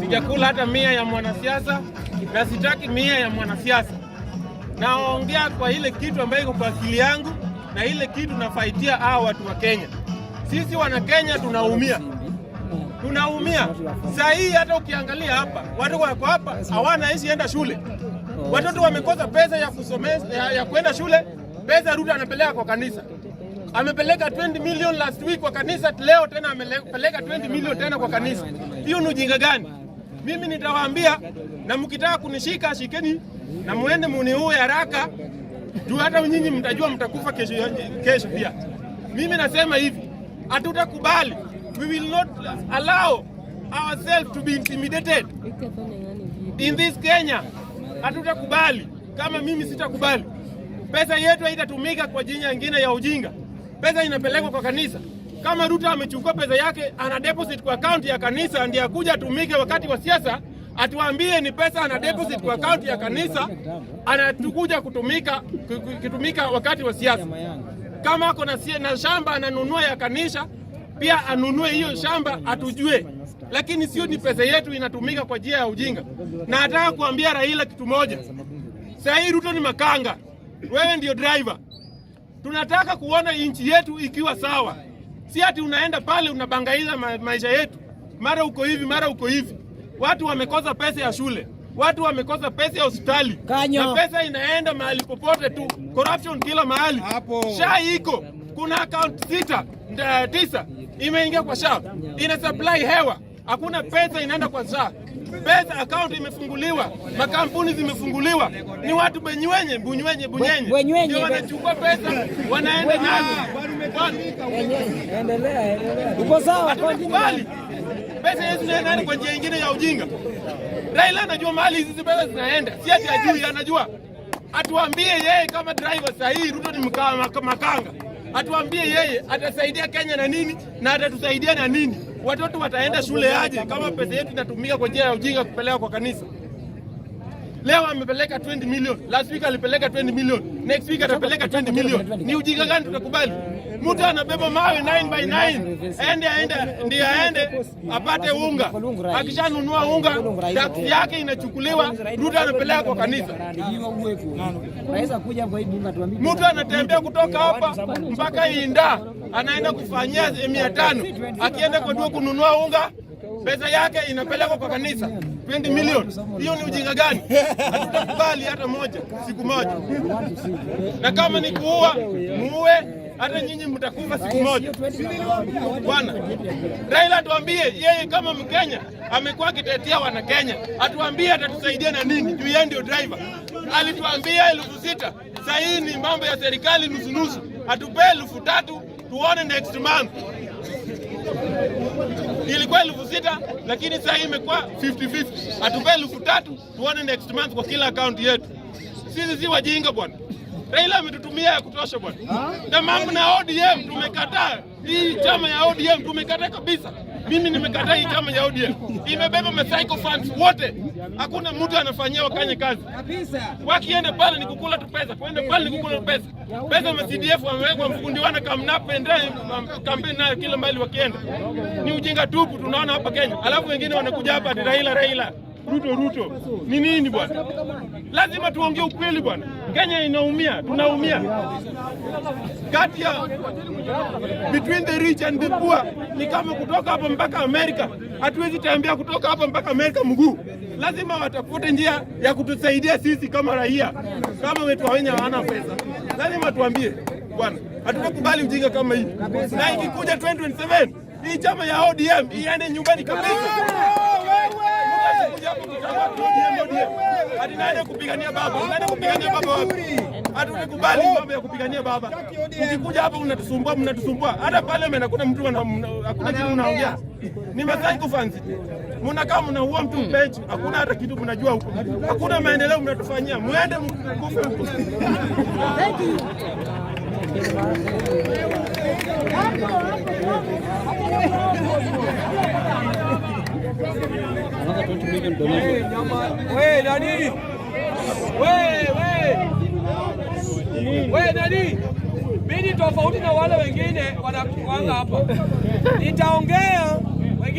Sijakula hata mia ya mwanasiasa na sitaki mia ya mwanasiasa. Naongea kwa ile kitu ambayo iko kwa akili yangu na ile kitu nafaitia hawa watu wa Kenya. Sisi wana Kenya tunaumia, tunaumia saa hii. Hata ukiangalia hapa, watu wako hapa hawana isi enda shule, watoto wamekosa pesa ya kusomea, ya, ya kuenda shule. Pesa Ruto anapeleka kwa kanisa, amepeleka 20 million last week kwa kanisa, leo tena amepeleka 20 million tena kwa kanisa. Hiyo ni ujinga gani? mimi nitawaambia, na mkitaka kunishika shikeni na muende muniue haraka, juu hata nyinyi mtajua mtakufa kesho, kesho pia. Mimi nasema hivi, hatutakubali, we will not allow ourselves to be intimidated in this Kenya. Hatutakubali kama mimi sitakubali, pesa yetu haitatumika kwa jina nyingine ya ujinga. Pesa inapelekwa kwa kanisa. Kama Ruto amechukua pesa yake ana deposit kwa akaunti ya kanisa, ndiye akuja atumike wakati wa siasa, atuambie ni pesa ana deposit kwa akaunti ya kanisa, anatukuja kutumika kitumika wakati wa siasa. Kama ako na shamba ananunua ya kanisa, pia anunue hiyo shamba atujue, lakini sio ni pesa yetu inatumika kwa njia ya ujinga. Na nataka kuambia Raila kitu moja, saa hii Ruto ni makanga, wewe ndio driver. Tunataka kuona nchi yetu ikiwa sawa. Si ati unaenda pale unabangaiza ma maisha yetu, mara uko hivi, mara uko hivi. Watu wamekosa pesa ya shule, watu wamekosa pesa ya hospitali na pesa inaenda mahali popote tu, corruption kila mahali hapo. SHA iko kuna akaunti sita tisa imeingia kwa SHA, ina supply hewa hakuna pesa inaenda kwa saa pesa, akaunti imefunguliwa, makampuni zimefunguliwa, ni watu benywenye bunywenye bunyenye ndio wanachukua pesa wanaenda endelea. Uko sawa? Hatukubali pesa yetu zinaenda kwa njia nyingine ya ujinga. Raila anajua mahali hizi pesa zinaenda, si ati ajui, anajua. Atuambie yeye kama driver sahihi, Ruto ni makanga, atuambie yeye atasaidia Kenya na nini na atatusaidia na nini. Watoto wataenda shule aje kama pesa yetu inatumika kwa njia ya ujinga kupeleka kwa kanisa? Leo amepeleka 20 milioni, last week alipeleka 20 milioni, next week atapeleka 20 milioni. Ni ujinga gani tutakubali? mtu anabeba mawe 9 by 9 ende aende ndio aende apate unga, akishanunua unga tax yake inachukuliwa, Ruto anapeleka kwa kanisa. Mtu anatembea kutoka hapa mpaka Inda anaenda kufanyia mia tano, akienda kwa duka kununua unga pesa yake inapelekwa kwa kanisa 20 milioni. Hiyo ni ujinga gani? Hatutakubali hata moja siku moja, na kama ni kuua muue hata nyinyi mtakufa siku moja. Bwana Raila atuambie yeye kama Mkenya amekuwa akitetea wana Kenya, atuambie atatusaidia na nini juu yeye ndio driver. Alituambia elfu sita saa hii ni mambo ya serikali nusunusu, atupee elfu tatu tuone next month. Ilikuwa elfu sita lakini saa hii imekuwa 50-50. Atupee elfu tatu tuone next month kwa kila akaunti yetu. Sisi si wajinga bwana. Raila ametutumia ya kutosha bwana, na mambo na ODM tumekataa. Hii chama ya ODM tumekataa kabisa. Mimi nimekataa hii chama ya ODM, imebeba macycle funds wote, hakuna mtu anafanyia wakanye kazi. Wakienda pale ni kukula tu pesa, kwenda pale ni kukula tu pesa. Pesa ma CDF wamewekwa mfundi wana kamnapenda kampeni um, nayo kila mbali, wakienda ni ujinga tupu, tunaona hapa Kenya, alafu wengine wanakuja hapa Raila Raila Ruto Ruto ni nini bwana? Lazima tuongee ukweli bwana. Kenya inaumia, tunaumia. Kati ya between the rich and the poor ni kama kutoka hapa mpaka Amerika. Hatuwezi tembea kutoka hapa mpaka Amerika mguu. Lazima watafute njia ya kutusaidia sisi kama raia, kama wetu wenye hawana pesa. Lazima tuambie bwana, hatutakubali ujinga kama hii, na ikikuja 2027 hii chama ya ODM iende nyumbani kabisa. Unakuja hapo hadi naenda kupigania baba, unaenda kupigania baba wapi? Hatunikubali mambo ya kupigania baba. Ukikuja hapa mnatusumbua, mnatusumbua. Hata pale mnakuta mtu hakuna kitu unaongea. Ni masai kufanzi. Mnakaa mnaua mtu mpechi, hmm. hakuna hata kitu mnajua huko. Hakuna maendeleo mnatufanyia. Muende mkufe huko. Thank you. We nani? We tofauti na wale wengine wanakuanga hapa. Nitaongea